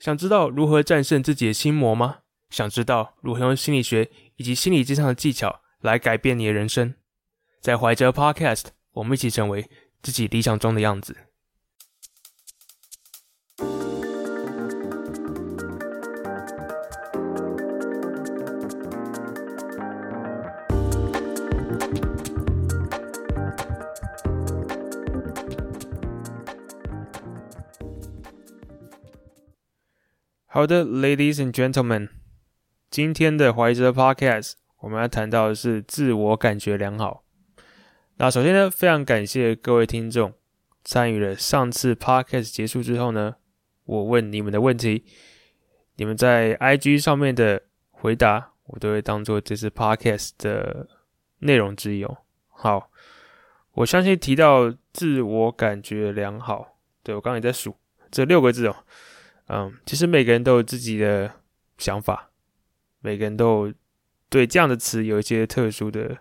想知道如何戰勝自己的心魔嗎？想知道如何用心理學以及心理諮商的技巧來改變你的人生？在懷哲 Podcast，我們一起成為自己理想中的樣子。好的，Ladies and Gentlemen，今天的懷哲 Podcast，我們要談到的是自我感覺良好。那首先呢，非常感謝各位聽眾參與了上次 Podcast 結束之後呢，我問你們的問題，你們在 IG 上面的回答，我都會當做這次 Podcast 的內容之一哦。好，我相信提到自我感覺良好，對，我剛剛也在數這六個字哦。嗯，其實每個人都有自己的想法，每個人都有對這樣的詞有一些特殊的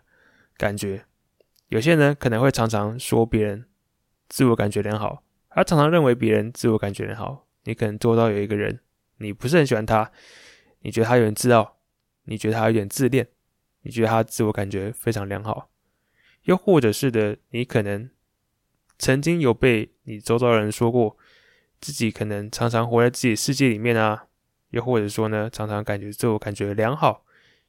感覺。有些人可能會常常說別人自我感覺良好，他常常認為別人自我感覺良好。你可能周遭有一個人，你不是很喜歡他，你覺得他有點自傲，你覺得他有點自戀，你覺得他自我感覺非常良好。又或者是的，你可能曾經有被你周遭的人說過。自己可能常常活在自己的世界裡面啊，又或者說呢，常常感覺自我感覺良好。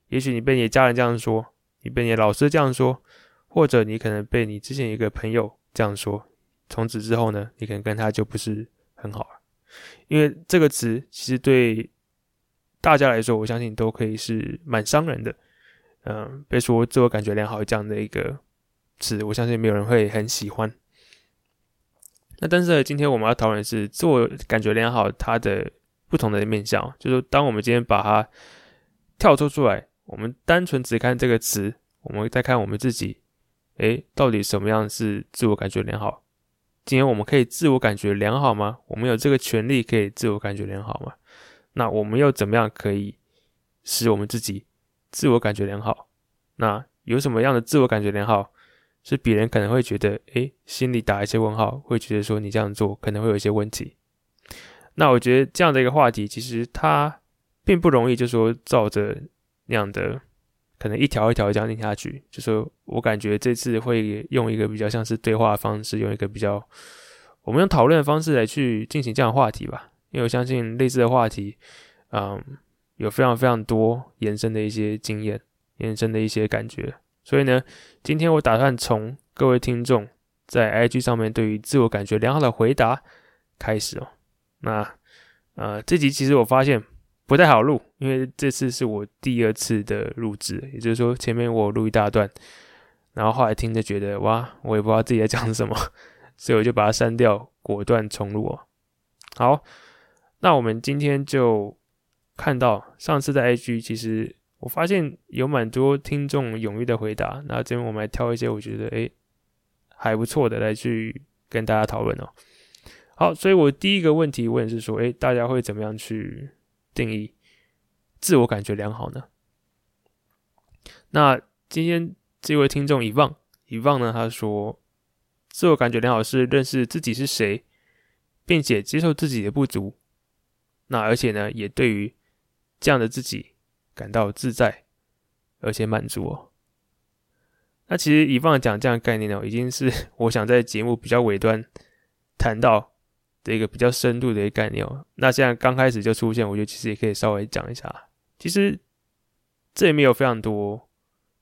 也許你被你的家人這樣說，你被你的老師這樣說，或者你可能被你之前一個朋友這樣說，從此之後呢，你可能跟他就不是很好了、啊。因為這個詞其實對大家來說，我相信都可以是蠻傷人的。嗯、呃，被說自我感覺良好這樣的一個詞，我相信沒有人會很喜歡。那但是呢，今天我們要討論的是自我感覺良好它的不同的面向，就是說當我們今天把它跳脫出來，我們單純只看這個詞，我們再看我們自己，哎，到底什麼樣是自我感覺良好？今天我們可以自我感覺良好嗎？我們有這個權利可以自我感覺良好嗎？那我們又怎麼樣可以使我們自己自我感覺良好？那有什麼樣的自我感覺良好？是別人可能會覺得，誒，心裡打一些問號，會覺得說你這樣做可能會有一些問題。那我覺得這樣的一個話題，其實它並不容易，就說照着那樣的可能一條一條這樣念下去。就是說我感覺這次會用一個比較像是對話的方式，用一個比較我們用討論的方式來去進行這樣的話題吧。因為我相信類似的話題，嗯，有非常非常多延伸的一些經驗，延伸的一些感覺。所以呢，今天我打算從各位聽眾在 IG 上面對於自我感覺良好的回答開始哦。那呃，這集其實我發現不太好錄，因為這次是我第二次的錄製，也就是說前面我錄一大段，然後後來聽着覺得哇，我也不知道自己在講什麼，所以我就把它刪掉，果斷重錄哦。好，那我們今天就看到上次在 IG 其實。我發現有蠻多聽眾踴躍的回答，那這邊我們來挑一些我覺得誒還不錯的來去跟大家討論哦。好，所以我第一個問題問是說，誒，大家會怎麼樣去定義自我感覺良好呢？那今天這位聽眾遺忘遺忘呢，他說自我感覺良好是認識自己是誰，並且接受自己的不足。那而且呢，也對於這樣的自己。感到自在，而且滿足哦。那其實以往講這樣的概念呢，已經是我想在節目比較尾端談到的一個比較深度的一個概念哦。那現在剛開始就出現，我覺得其實也可以稍微講一下。其實這也沒有非常多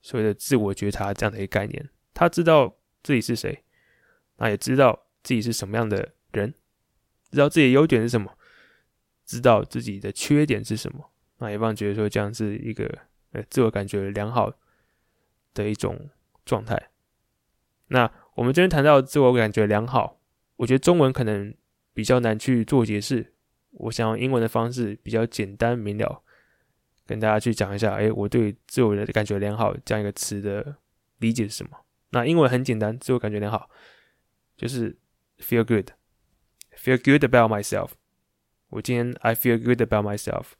所謂的自我覺察這樣的一個概念。他知道自己是誰，那也知道自己是什麼樣的人，知道自己的優點是什麼，知道自己的缺點是什麼。那也讓覺得說這樣是一個呃自我感覺良好的一種狀態。那我們今天談到自我感覺良好，我覺得中文可能比較難去做解釋。我想用英文的方式比較簡單明了，跟大家去講一下，哎，我對“自我的感覺良好”這樣一個詞的理解是什麼？那英文很簡單，“自我感覺良好”就是 feel good, “feel good”，“feel good about myself”。我今天 “I feel good about myself”。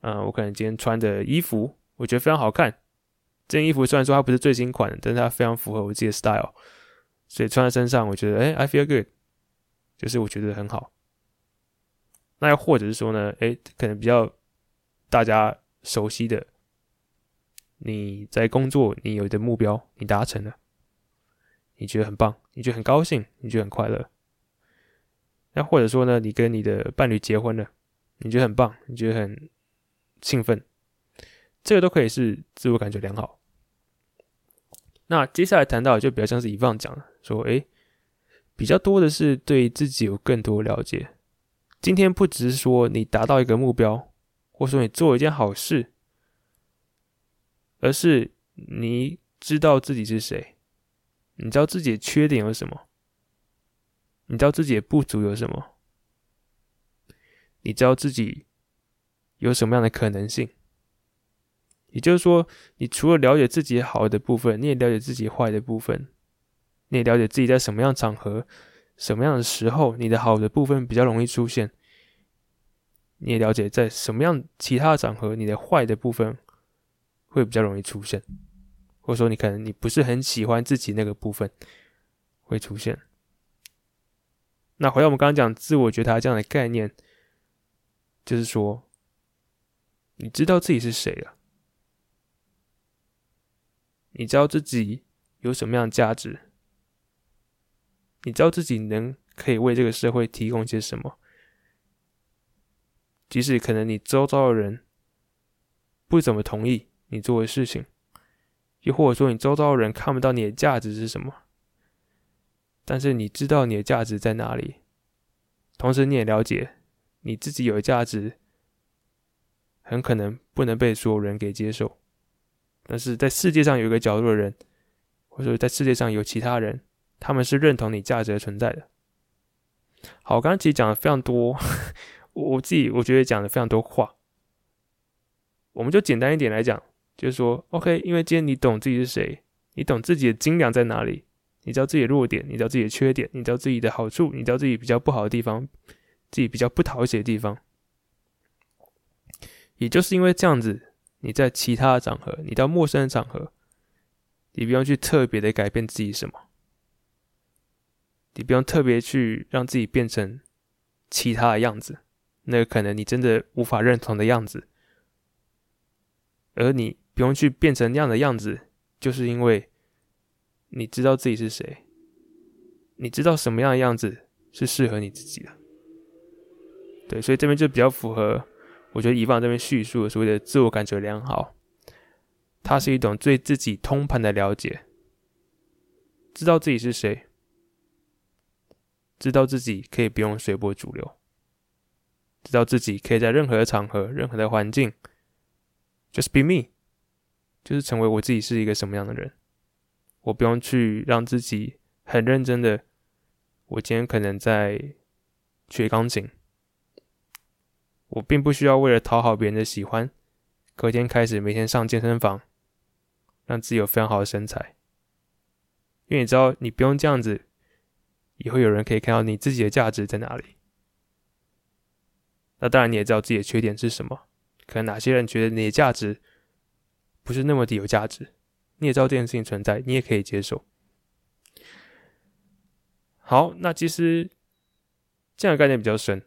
嗯，我可能今天穿的衣服，我覺得非常好看。這件衣服雖然說它不是最新款，但是它非常符合我自己的 style，所以穿在身上，我覺得，哎，I feel good，就是我覺得很好。那又或者是說呢，哎，可能比較大家熟悉的，你在工作，你有一個目標，你達成了，你覺得很棒，你覺得很高興，你覺得很快樂。那或者說呢，你跟你的伴侶結婚了，你覺得很棒，你覺得很。興奮，這個都可以是自我感覺良好。那接下來談到的就比較像是以往講的，說誒比較多的是對自己有更多了解。今天不只是說你達到一個目標，或說你做一件好事，而是你知道自己是誰，你知道自己的缺點有什麼，你知道自己的不足有什麼，你知道自己。有什麼樣的可能性？也就是說，你除了了解自己好的部分，你也了解自己壞的部分，你也了解自己在什麼樣場合、什麼樣的時候，你的好的部分比較容易出現。你也了解在什麼樣其他的場合，你的壞的部分會比較容易出現，或者說你可能你不是很喜歡自己那個部分會出現。那回到我們剛剛講自我覺察這樣的概念，就是說。你知道自己是誰了？你知道自己有什麼樣的價值？你知道自己能可以為這個社會提供些什麼？即使可能你周遭的人不怎麼同意你做的事情，又或者說你周遭的人看不到你的價值是什麼，但是你知道你的價值在哪裡，同時你也了解你自己有價值。很可能不能被所有人給接受，但是在世界上有一個角落的人，或者說在世界上有其他人，他們是認同你價值的存在的。好，我剛剛其實講了非常多，我我自己我覺得講了非常多話。我們就簡單一點來講，就是說，OK，因為今天你懂自己是誰，你懂自己的斤兩在哪裡，你知道自己的弱點，你知道自己的缺點，你知道自己的好處，你知道自己比較不好的地方，自己比較不討喜的地方。也就是因為這樣子，你在其他的場合，你到陌生的場合，你不用去特別的改變自己什麼，你不用特別去讓自己變成其他的樣子，那個可能你真的無法認同的樣子。而你不用去變成那樣的樣子，就是因為你知道自己是誰，你知道什麼樣的樣子是適合你自己的。對，所以這邊就比較符合。我覺得以往這邊敘述所謂的自我感覺良好，它是一種對自己通盤的了解，知道自己是誰，知道自己可以不用隨波逐流，知道自己可以在任何的場合、任何的環境，just be me，就是成為我自己是一個什麼樣的人，我不用去讓自己很認真的，我今天可能在學鋼琴。我並不需要為了討好別人的喜歡，隔天開始每天上健身房，讓自己有非常好的身材，因為你知道，你不用這樣子，以後有人可以看到你自己的價值在哪裡。那當然，你也知道自己的缺點是什麼，可能哪些人覺得你的價值不是那麼的有價值，你也知道這件事情存在，你也可以接受。好，那其實這樣的概念比較深，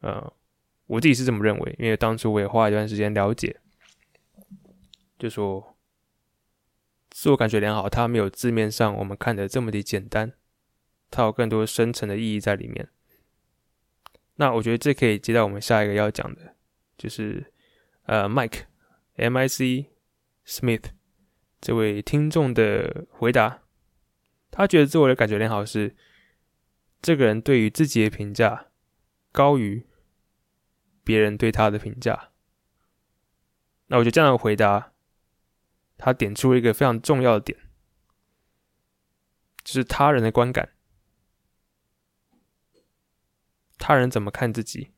呃。我自己是這麼認為，因為當初我也花了一段時間了解，就說自我感覺良好，他沒有字面上我們看的這麼的簡單，他有更多深層的意義在裡面。那我覺得這可以接到我們下一個要講的，就是呃，Mike，M-I-C，Smith 這位聽眾的回答，他覺得自我的感覺良好是這個人對於自己的評價高於別人對他的評價，那我就這樣的回答，他點出了一個非常重要的點，就是他人的觀感，他人怎麼看自己，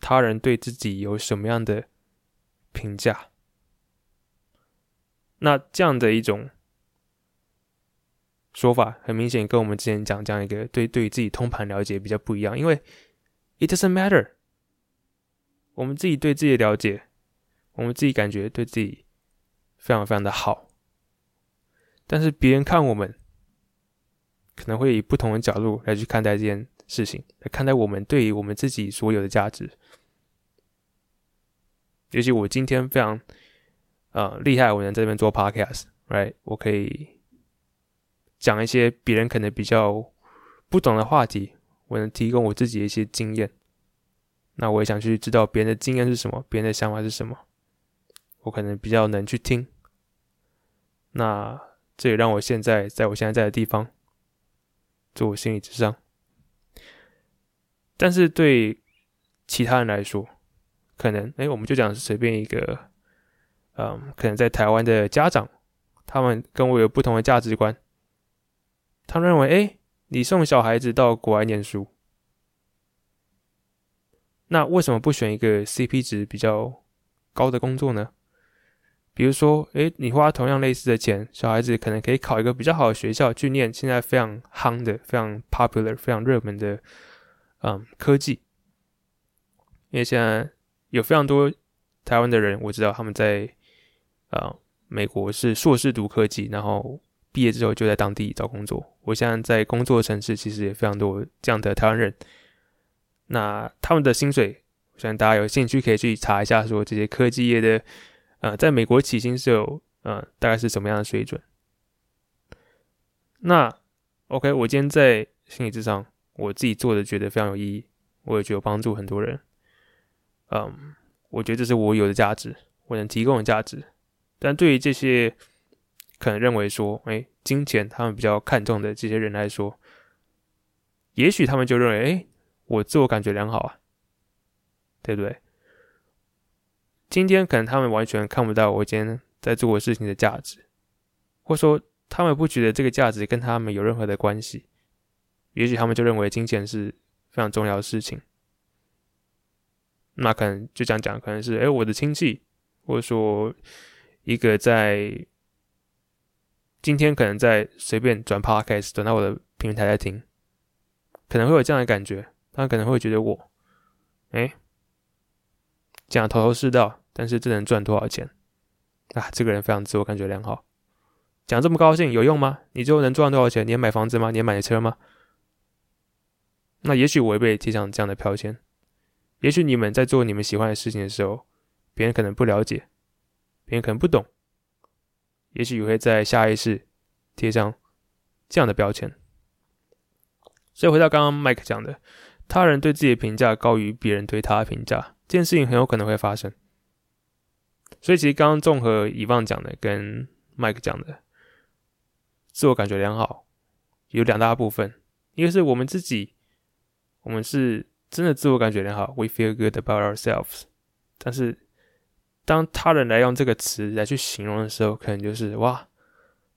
他人對自己有什麼樣的評價？那這樣的一種說法，很明顯跟我們之前講這樣一個對對自己通盤了解比較不一樣，因為。It doesn't matter。我們自己對自己的了解，我們自己感覺對自己非常非常的好。但是別人看我們，可能會以不同的角度來去看待這件事情，來看待我們對於我們自己所有的價值。尤其我今天非常呃厲害，我能在這邊做 podcast，right？我可以講一些別人可能比較不懂的話題。我能提供我自己的一些經驗，那我也想去知道別人的經驗是什麼，別人的想法是什麼。我可能比較能去聽，那這也讓我現在在我現在在的地方做我心理諮商。但是對其他人來說，可能誒，我們就講是隨便一個，嗯，可能在台灣的家長，他們跟我有不同的價值觀，他認為誒。你送小孩子到國外念書，那為什麼不選一個 CP 值比較高的工作呢？比如說，誒、欸，你花同樣類似的錢，小孩子可能可以考一個比較好的學校去念現在非常夯的、非常 popular、非常熱門的，嗯，科技。因為現在有非常多台灣的人，我知道他們在啊、嗯、美國是碩士讀科技，然後。畢業之後就在當地找工作。我現在在工作的城市其實也非常多這樣的台灣人。那他們的薪水，我想大家有興趣可以去查一下，說這些科技業的，呃，在美國起薪是有，呃，大概是什麼樣的水準？那 OK，我今天在心理諮詢上，我自己做的覺得非常有意義，我也覺得幫助很多人。嗯，我覺得這是我有的價值，我能提供的價值。但對於這些，可能認為說，哎，金錢他們比較看重的這些人來說，也許他們就認為，哎，我自我感覺良好啊，對不對？今天可能他們完全看不到我今天在做的事情的價值，或說他們不覺得這個價值跟他們有任何的關係，也許他們就認為金錢是非常重要的事情。那可能就這樣講，可能是，哎，我的親戚，或者說一個在。今天可能在隨便轉 Podcast，轉到我的平台來聽，可能會有這樣的感覺，他可能會覺得我，哎，講頭頭是道，但是這能賺多少錢？啊，這個人非常自我感覺良好，講這麼高興有用嗎？你最後能賺多少錢？你也買房子嗎？你也買車嗎？那也許我也會被貼上這樣的標籤，也許你們在做你們喜歡的事情的時候，別人可能不了解，別人可能不懂。也許你會在下意識貼上這樣的標籤。所以回到剛剛 k 克講的，他人對自己的評價高於別人對他評價，這件事情很有可能會發生。所以其實剛剛綜合以往講的跟 k 克講的，自我感覺良好有兩大部分，一個是我們自己，我們是真的自我感覺良好，we feel good about ourselves，但是。當他人來用這個詞來去形容的時候，可能就是哇，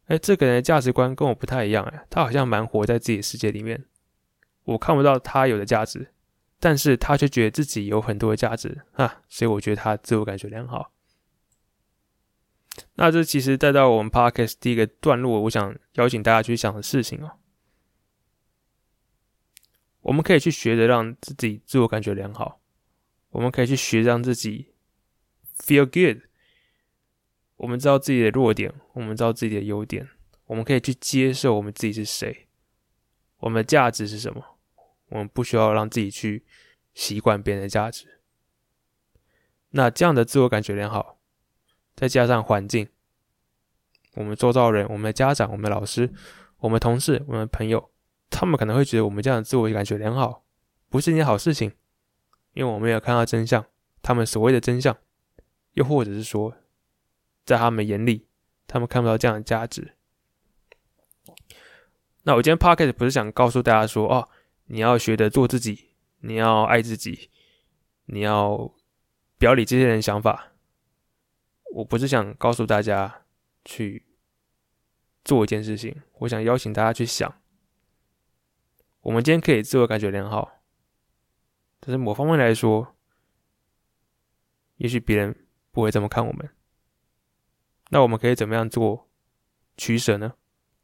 哎，這個人的價值觀跟我不太一樣哎，他好像蠻活在自己的世界裡面，我看不到他有的價值，但是他卻覺得自己有很多的價值哈。所以我覺得他自我感覺良好。那這其實帶到我們 Podcast 第一個段落，我想邀請大家去想的事情哦，我們可以去學着讓自己自我感覺良好，我們可以去學着讓自己。Feel good。我們知道自己的弱點，我們知道自己的優點，我們可以去接受我們自己是誰，我們的價值是什麼。我們不需要讓自己去習慣別人的價值。那這樣的自我感覺良好，再加上環境，我們周遭人、我們的家長、我們的老師、我們同事、我們的朋友，他們可能會覺得我們這樣的自我感覺良好不是一件好事情，因為我們沒有看到真相，他們所謂的真相。又或者是說，在他們眼裡，他們看不到這樣的價值。那我今天 podcast 不是想告訴大家說哦，你要學著做自己，你要愛自己，你要表裡這些人想法。我不是想告訴大家去做一件事情，我想邀請大家去想，我們今天可以自我感覺良好，但是某方面來說，也許別人，不會這麼看我們。那我們可以怎麼樣做取捨呢？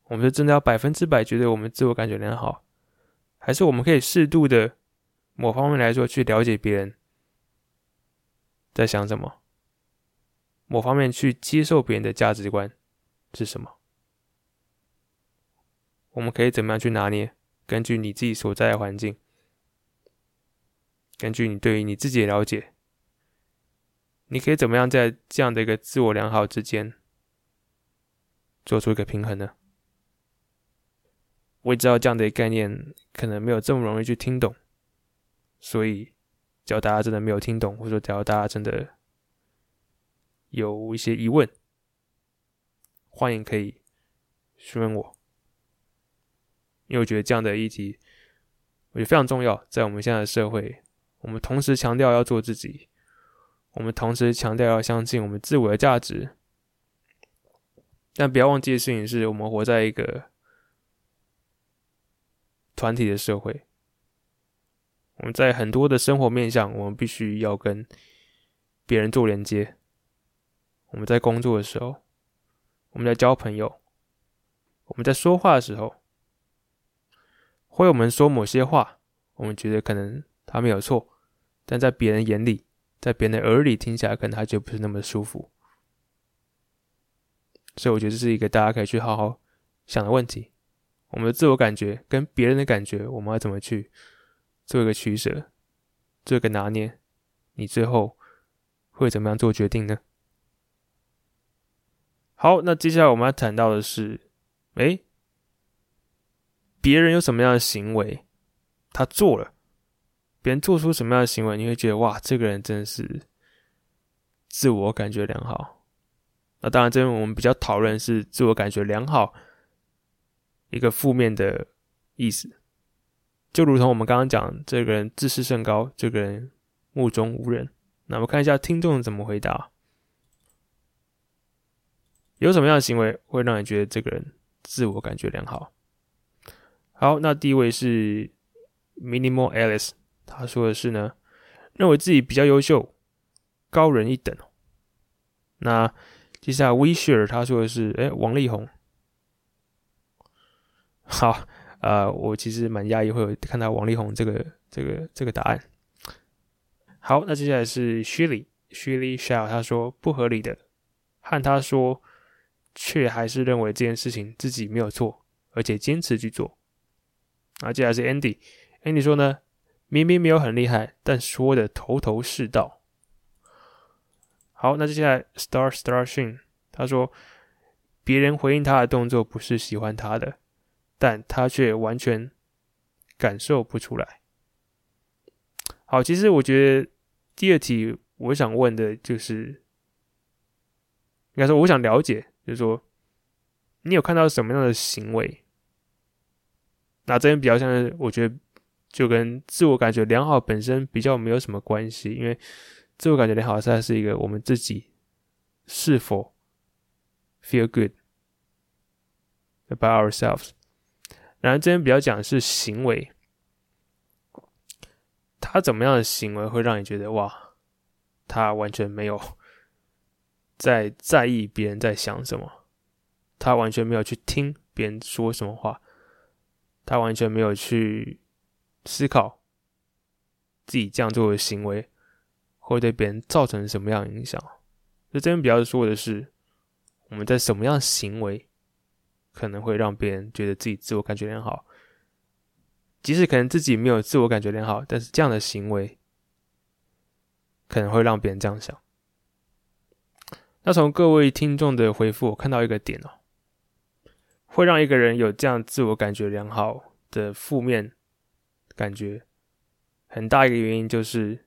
我們是真的要百分之百覺得我們自我感覺良好，還是我們可以適度的某方面來說去了解別人在想什麼，某方面去接受別人的價值觀是什麼？我們可以怎麼樣去拿捏？根據你自己所在的環境，根據你對於你自己的了解。你可以怎麼樣在這樣的一個自我良好之間做出一個平衡呢？我也知道這樣的一個概念可能沒有這麼容易去聽懂，所以只要大家真的沒有聽懂，或者只要大家真的有一些疑問，歡迎可以詢問我，因為我覺得這樣的議題我覺得非常重要，在我們現在的社會，我們同時強調要做自己。我們同時強調要相信我們自我的價值，但不要忘記的事情是我們活在一個團體的社會。我們在很多的生活面向，我們必須要跟別人做連接。我們在工作的時候，我們在交朋友，我們在說話的時候，會，我們說某些話，我們覺得可能他沒有錯，但在別人眼裡。在別人的耳裡聽起來，可能他就不是那麼舒服，所以我覺得這是一個大家可以去好好想的問題。我們的自我感覺跟別人的感覺，我們要怎麼去做一個取捨，做一個拿捏？你最後會怎麼樣做決定呢？好，那接下來我們要談到的是，誒、欸。別人有什麼樣的行為，他做了。別人做出什麼樣的行為，你會覺得哇，這個人真的是自我感覺良好。那當然，這邊我們比較討論是自我感覺良好一個負面的意思，就如同我們剛剛講，這個人自視甚高，這個人目中無人。那我們看一下聽眾怎麼回答，有什麼樣的行為會讓你覺得這個人自我感覺良好？好，那第一位是 Minimal Alice。他說的是呢，認為自己比較優秀，高人一等。那接下來 Weecher 他說的是，哎，王力宏。好，呃，我其實蠻訝異，會有看到王力宏這個、這個、這個答案。好，那接下來是 Shelly，Shelly 他說不合理的，和他說，卻還是認為這件事情自己沒有錯，而且堅持去做。啊，接下來是 Andy，Andy 說呢？明明沒有很厲害，但說得頭頭是道。好，那接下來 Star Star Shine，他說，別人回應他的動作不是喜歡他的，但他卻完全感受不出來。好，其實我覺得第二題我想問的就是，應該說我想了解，就是說你有看到什麼樣的行為？那這邊比較像是，我覺得。就跟自我感覺良好本身比較沒有什麼關係，因為自我感覺良好，它是一個我們自己是否 feel good about ourselves，然後這邊比較講的是行為，他怎麼樣的行為會讓你覺得哇，他完全沒有在在意別人在想什麼，他完全沒有去聽別人說什麼話，他完全沒有去思考自己這樣做的行為會對別人造成什麼樣的影響。就這邊比較說的是，我們在什麼樣的行為可能會讓別人覺得自己自我感覺良好。即使可能自己沒有自我感覺良好，但是這樣的行為可能會讓別人這樣想。那從各位聽眾的回覆，我看到一個點哦，會讓一個人有這樣自我感覺良好的負面。感覺很大一個原因就是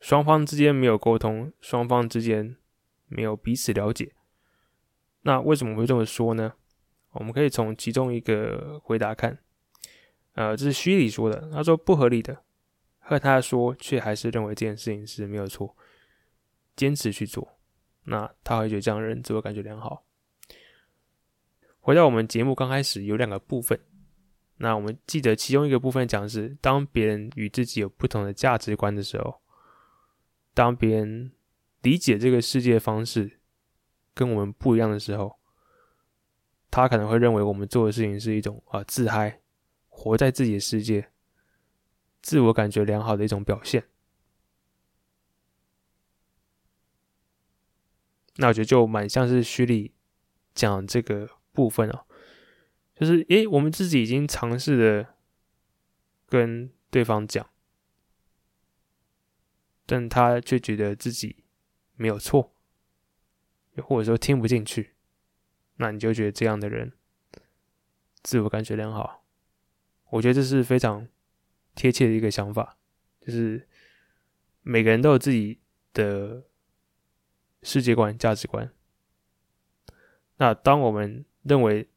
雙方之間沒有溝通，雙方之間沒有彼此了解。那為什麼會這麼說呢？我們可以從其中一個回答看，呃，這是瑟西說的，他說不合理的，和他說卻還是認為這件事情是沒有錯，堅持去做，那他會覺得這樣的人自我感覺良好。回到我們節目剛開始有兩個部分。那我們記得其中一個部分講的是，當別人與自己有不同的價值觀的時候，當別人理解這個世界的方式跟我們不一樣的時候，他可能會認為我們做的事情是一種啊、呃、自嗨，活在自己的世界，自我感覺良好的一種表現。那我覺得就蠻像是瑟西講這個部分哦。就是誒、欸，我們自己已經嘗試的跟對方講，但他卻覺得自己沒有錯，又或者說聽不進去，那你就覺得這樣的人自我感覺良好。我覺得這是非常貼切的一個想法，就是每個人都有自己的世界觀、價值觀。那當我們認為，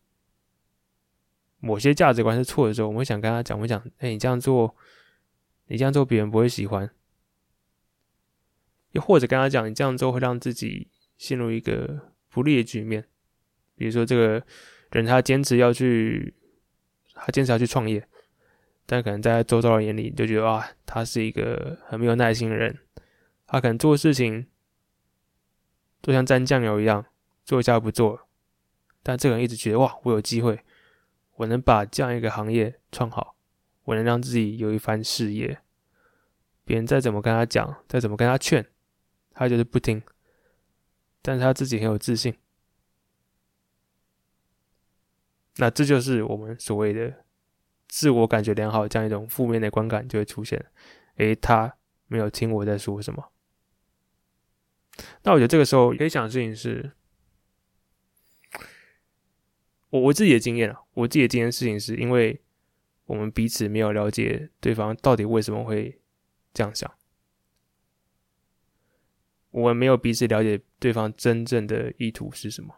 某些價值觀是錯的時候，我們會想跟他講，我們會想，哎、欸，你這樣做，你這樣做別人不會喜歡，又或者跟他講，你這樣做會讓自己陷入一個不利的局面。比如說，這個人他堅持要去，他堅持要去創業，但可能在周遭的人眼裡就覺得啊，他是一個很沒有耐心的人，他可能做的事情都像沾醬油一樣，做一下又不做了。但這個人一直覺得哇，我有機會。我能把這樣一個行業創好，我能讓自己有一番事業。別人再怎麼跟他講，再怎麼跟他勸，他就是不聽。但是他自己很有自信。那這就是我們所謂的自我感覺良好，這樣一種負面的觀感就會出現。誒、哎，他沒有聽我在說什麼。那我覺得這個時候可以想的事情是。我我自己的經驗啊，我自己的經驗事情是因為我們彼此沒有了解對方到底為什麼會這樣想，我們沒有彼此了解對方真正的意圖是什麼。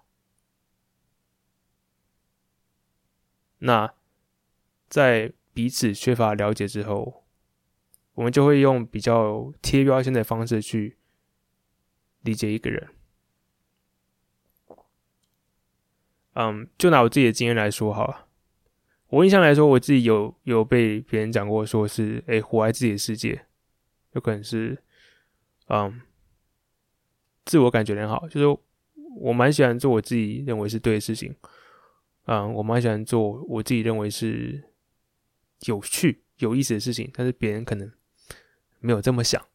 那在彼此缺乏了解之後，我們就會用比較貼標籤的方式去理解一個人。嗯，um, 就拿我自己的經驗來說好了。我印象來說，我自己有有被別人講過，說是哎、欸、活在自己的世界，有可能是嗯、um, 自我感覺良好，就是我蠻喜歡做我自己認為是對的事情。嗯、um,，我蠻喜歡做我自己認為是有趣、有意思的事情，但是別人可能沒有這麼想。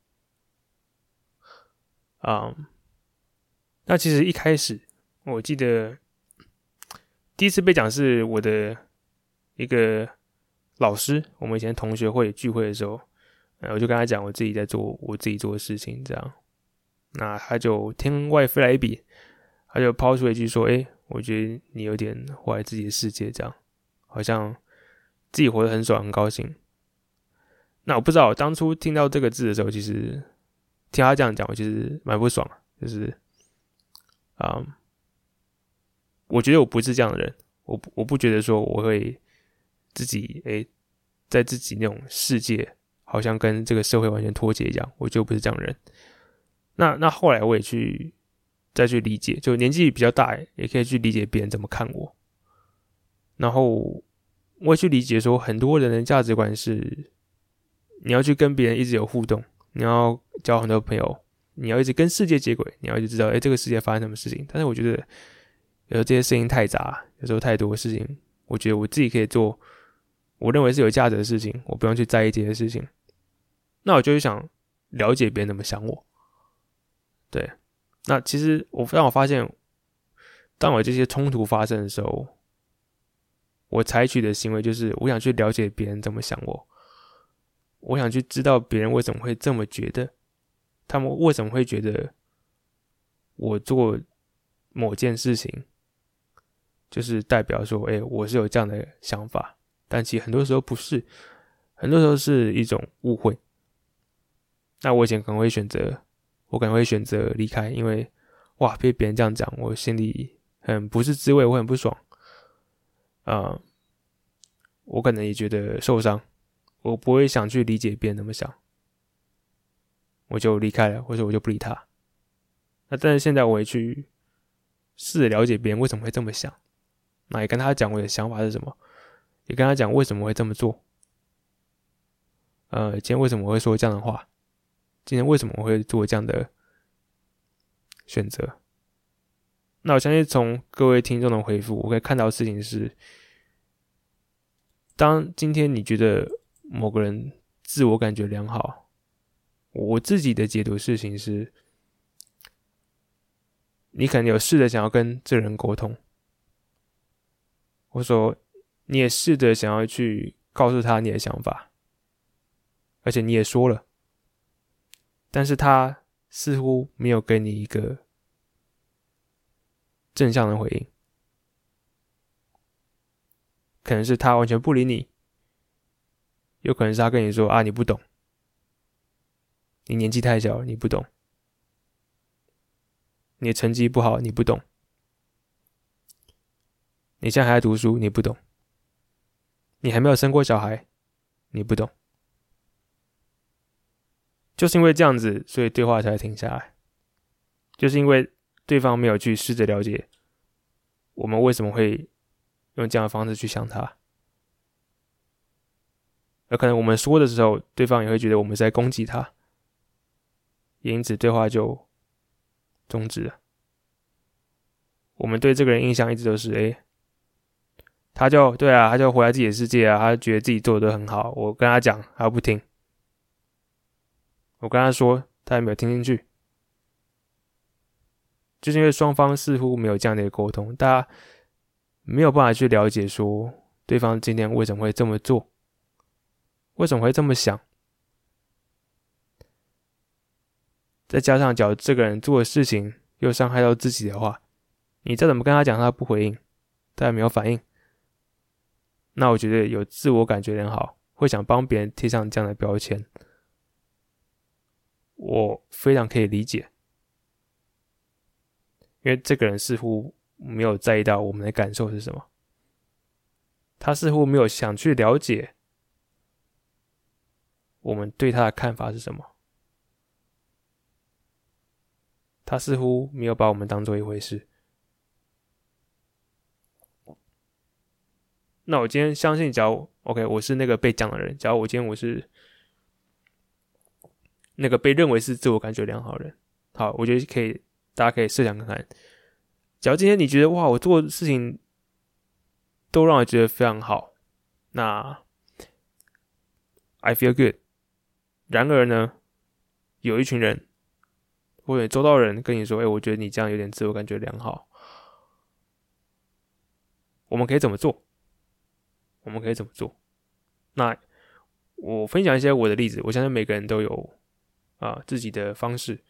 嗯、um,，那其實一開始我記得。第一次被講是我的一個老師，我們以前同學會聚會的時候，我就跟他講我自己在做我自己做的事情，這樣，那他就天外飛來一筆，他就拋出一句說：“誒、欸，我覺得你有點活在自己的世界，這樣好像自己活得很爽，很高興。”那我不知道我當初聽到這個字的時候，其實聽他這樣講，我其實蠻不爽，就是啊。嗯我覺得我不是這樣的人，我不我不覺得說我會自己誒、欸，在自己那種世界，好像跟這個社會完全脫節一樣，我就不是這樣的人。那那後來我也去再去理解，就年紀比較大，也可以去理解別人怎麼看我。然後我也去理解說，很多人的價值觀是，你要去跟別人一直有互動，你要交很多朋友，你要一直跟世界接軌，你要一直知道哎、欸，這個世界發生什麼事情。但是我覺得。有時候這些事情太雜，有時候太多的事情，我覺得我自己可以做，我認為是有價值的事情，我不用去在意這些事情。那我就想了解別人怎麼想我。對，那其實我讓我發現，當我這些衝突發生的時候，我採取的行為就是我想去了解別人怎麼想我，我想去知道別人為什麼會這麼覺得，他們為什麼會覺得我做某件事情。就是代表說，哎、欸，我是有這樣的想法，但其實很多時候不是，很多時候是一種誤會。那我以前可能會選擇，我可能會選擇離開，因為哇，被別人這樣講，我心裡很不是滋味，我很不爽，啊、嗯，我可能也覺得受傷，我不會想去理解別人怎麼想，我就離開了，或者我就不理他。那但是現在，我也去試着了解別人為什麼會這麼想。那也跟他講我的想法是什麼，也跟他講為什麼會這麼做。呃，今天為什麼我會說這樣的話？今天為什麼我會做這樣的選擇？那我相信從各位聽眾的回復，我可以看到的事情是：當今天你覺得某個人自我感覺良好，我自己的解讀的事情是，你可能有試着想要跟這個人溝通。我說，你也試着想要去告訴他你的想法，而且你也說了，但是他似乎沒有給你一個正向的回應。可能是他完全不理你，有可能是他跟你說啊，你不懂，你年紀太小，你不懂，你的成績不好，你不懂。你現在還在讀書，你不懂。你還沒有生過小孩，你不懂。就是因為這樣子，所以對話才停下來。就是因為對方沒有去試着了解我們為什麼會用這樣的方式去想他，而可能我們說的時候，對方也會覺得我們在攻擊他，也因此對話就終止了。我們對這個人印象一直都是，誒。他就對啊，他就回來自己的世界啊。他覺得自己做的都很好。我跟他講，他不聽。我跟他說，他也沒有聽進去。就是因為雙方似乎沒有這樣的一個溝通，大家沒有辦法去了解說對方今天為什麼會這麼做，為什麼會這麼想。再加上，假如這個人做的事情又傷害到自己的話，你再怎麼跟他講，他不回應，他也沒有反應。那我覺得有自我感覺良好，會想幫別人貼上這樣的標籤，我非常可以理解，因為這個人似乎沒有在意到我們的感受是什麼，他似乎沒有想去了解我們對他的看法是什麼，他似乎沒有把我們當做一回事。那我今天相信假如，只要 OK，我是那個被講的人。只要我今天我是那個被認為是自我感覺良好的人，好，我覺得可以，大家可以設想看看。假如今天你覺得哇，我做事情都讓我覺得非常好，那 I feel good。然而呢，有一群人，或者周遭人跟你說，哎、欸，我覺得你這樣有點自我感覺良好。我們可以怎麼做？我們可以怎麼做？那我分享一些我的例子。我相信每個人都有啊自己的方式。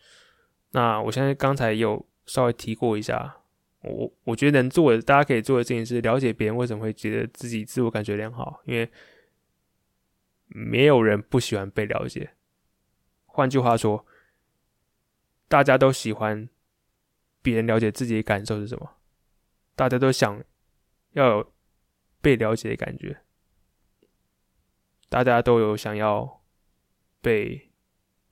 那我相信剛才有稍微提過一下。我我覺得能做的，大家可以做的事情是了解別人為什麼會覺得自己自我感覺良好，因為沒有人不喜歡被了解。換句話說，大家都喜歡別人了解自己的感受是什麼。大家都想要有。被了解的感覺，大家都有想要被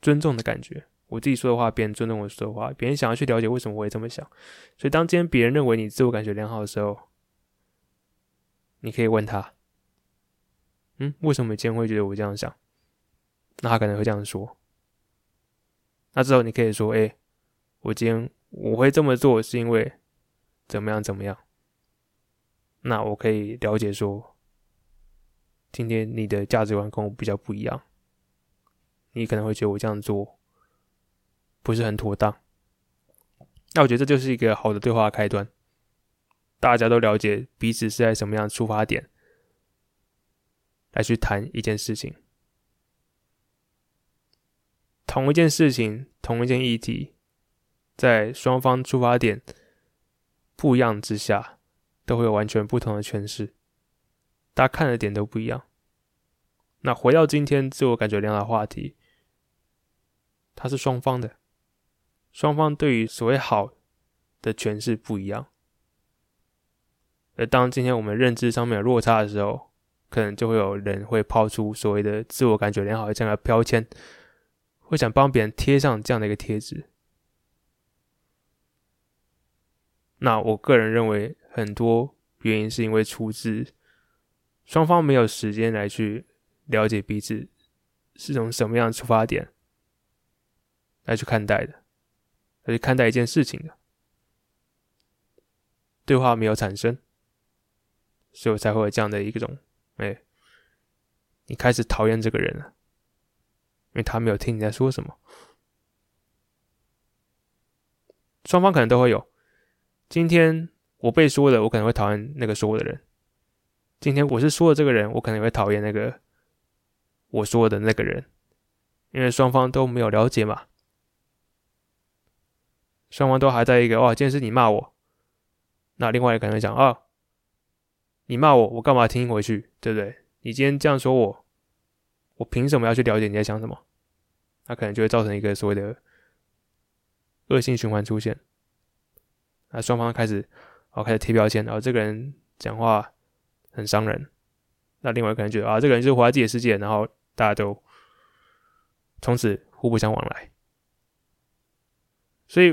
尊重的感覺。我自己說的話，別人尊重我說的話，別人想要去了解為什麼我會這麼想。所以，當今天別人認為你自我感覺良好的時候，你可以問他：“嗯，為什麼今天會覺得我這樣想？”那他可能會這樣說。那之後你可以說，哎，我今天我會這麼做是因為怎麼樣，怎麼樣。那我可以了解說，今天你的價值觀跟我比較不一樣，你可能會覺得我這樣做不是很妥當。那我覺得這就是一個好的對話的開端，大家都了解彼此是在什麼樣的出發點來去談一件事情，同一件事情，同一件議題，在雙方出發點不一樣之下。都會有完全不同的詮釋，大家看的點都不一樣。那回到今天自我感覺良好的話題，它是雙方的，雙方對於所謂好的詮釋不一樣。而當今天我們認知上面有落差的時候，可能就會有人會拋出所謂的自我感覺良好的這樣的標籤，會想幫別人貼上這樣的一個貼紙。那我個人認為。很多原因是因為出自雙方沒有時間來去了解彼此是從什麼樣的出發點來去看待的，來去看待一件事情的。對話沒有產生，所以我才會有這樣的一個種。哎、欸，你開始討厭這個人了，因為他沒有聽你在說什麼。雙方可能都會有今天。我被說的，我可能會討厭那個說我的人。今天我是說的這個人，我可能會討厭那個我說的那個人，因為雙方都沒有了解嘛，雙方都還在一個哦，今天是你罵我，那另外一個可能講啊，哦，你罵我，我幹嘛聽回去，對不對？你今天這樣說我，我憑什麼要去了解你在想什麼？那可能就會造成一個所謂的惡性循環出現，那雙方開始。然後開始貼標籤，然後，哦，然後這個人講話很傷人，那另外一個人可能覺得啊，這個人就是活在自己的世界，然後大家都從此互不相往來。所以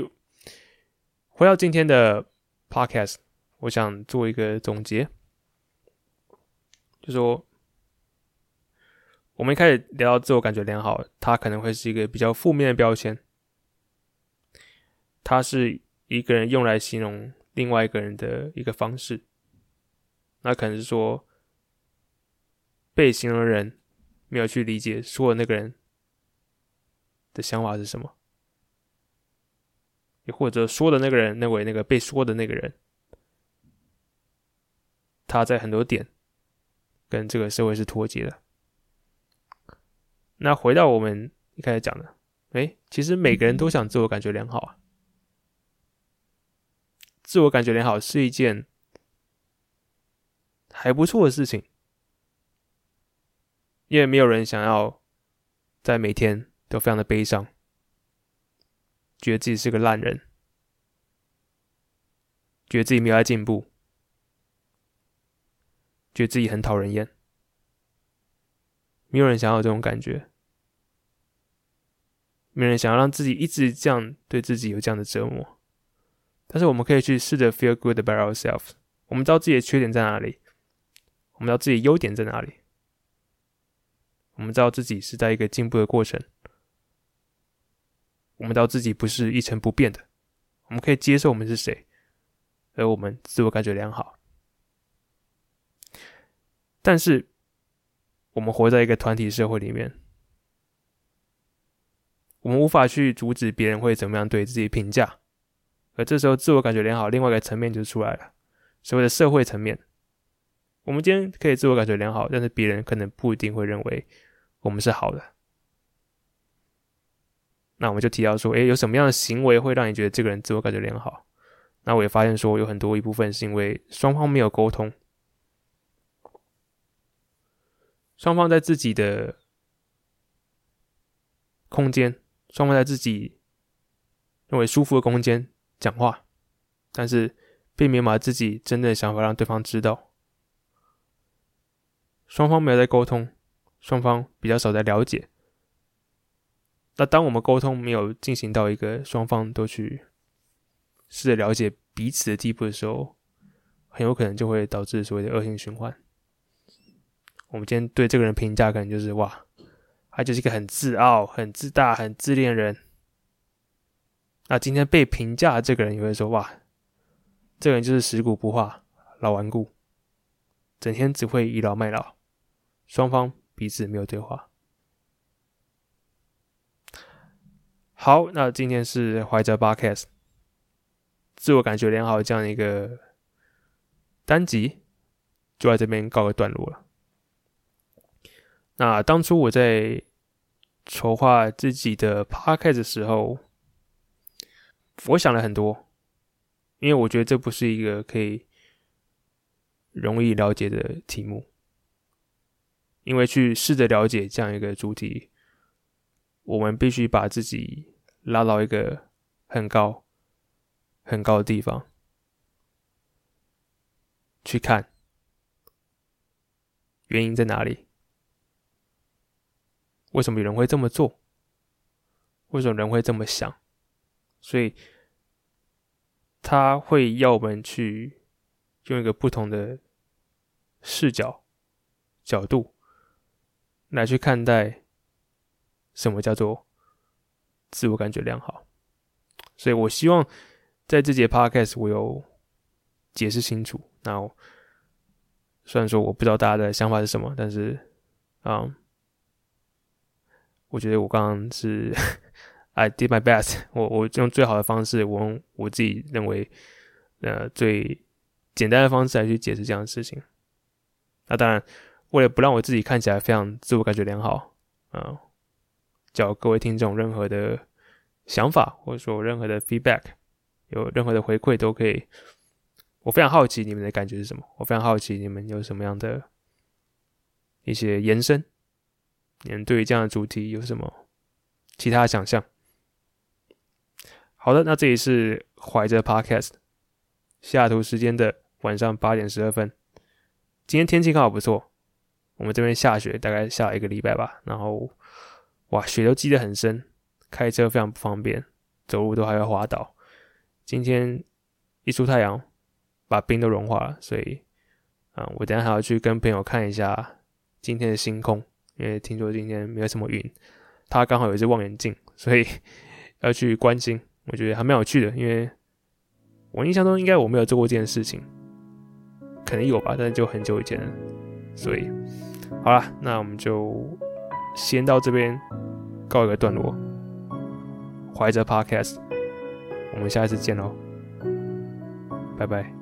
回到今天的 podcast，我想做一個總結，就說我們一開始聊到自我感覺良好，它可能會是一個比較負面的標籤，它是一個人用來形容。另外一個人的一個方式，那可能是說，被形容的人沒有去理解說的那個人的想法是什麼，也或者說的那個人認為那，那個被說的那個人，他在很多點跟這個社會是脫節的。那回到我們一開始講的，哎、欸，其實每個人都想自我感覺良好啊。自我感覺良好是一件還不錯的事情，因為沒有人想要在每天都非常的悲傷，覺得自己是個爛人，覺得自己沒有在進步，覺得自己很討人厭，沒有人想要這種感覺，沒有人想要讓自己一直這樣對自己有這樣的折磨。但是我們可以去試着 feel good about ourselves。我們知道自己的缺點在哪裡，我們知道自己優點在哪裡，我們知道自己是在一個進步的過程，我們知道自己不是一成不變的，我們可以接受我們是誰，而我們自我感覺良好。但是我們活在一個團體社會裡面，我們無法去阻止別人會怎麼樣對自己評價。而這時候，自我感覺良好，另外一個層面就出來了，所謂的社會層面。我們今天可以自我感覺良好，但是別人可能不一定會認為我們是好的。那我們就提到說，哎，有什麼樣的行為會讓你覺得這個人自我感覺良好？那我也發現說，有很多一部分是因為雙方沒有溝通，雙方在自己的空間，雙方在自己認為舒服的空間。講話，但是並沒有把自己真正的想法讓對方知道。雙方沒有在溝通，雙方比較少在了解。那當我們溝通沒有進行到一個雙方都去試着了解彼此的地步的時候，很有可能就會導致所謂的惡性循環。我們今天對這個人評價，可能就是哇，他就是一個很自傲、很自大、很自戀的人。那今天被評價的這個人，也會說：“哇，這個人就是死骨不化，老頑固，整天只會倚老賣老。”雙方彼此沒有對話。好，那今天是懷着八 case，自我感覺良好的這樣一個單集，就在這邊告個段落了。那當初我在籌劃自己的八 c a s t 的時候。我想了很多，因為我覺得這不是一個可以容易了解的題目。因為去試着了解這樣一個主題，我們必須把自己拉到一個很高、很高的地方去看，原因在哪裡？為什麼有人會這麼做？為什麼人會這麼想？所以。他會要我們去用一個不同的視角、角度來去看待什麼叫做自我感覺良好，所以我希望在這節 podcast 我有解釋清楚。然後雖然說我不知道大家的想法是什麼，但是啊、嗯，我覺得我剛剛是。I did my best 我，我我用最好的方式，我用我自己認為，呃，最簡單的方式來去解釋這樣的事情。那當然，為了不讓我自己看起來非常自我感覺良好，啊、嗯，叫各位聽眾任何的想法，或者說任何的 feedback，有任何的回饋都可以。我非常好奇你們的感覺是什麼？我非常好奇你們有什麼樣的一些延伸？你們對於這樣的主題有什麼其他的想象？好的，那這裡是懷哲的 Podcast，西雅圖時間的晚上八點十二分。今天天氣剛好不錯，我們這邊下雪大概下一個禮拜吧，然後哇，雪都積得很深，開車非常不方便，走路都還要滑倒。今天一出太陽，把冰都融化了，所以嗯、啊，我等一下還要去跟朋友看一下今天的星空，因為聽說今天沒有什麼雲，他剛好有一只望遠鏡，所以要去觀星。我覺得還蠻有趣的，因為我印象中應該我沒有做過這件事情，可能有吧，但是就很久以前了。所以，好啦，那我們就先到這邊告一個段落。懷哲的 Podcast，我們下一次見咯。拜拜。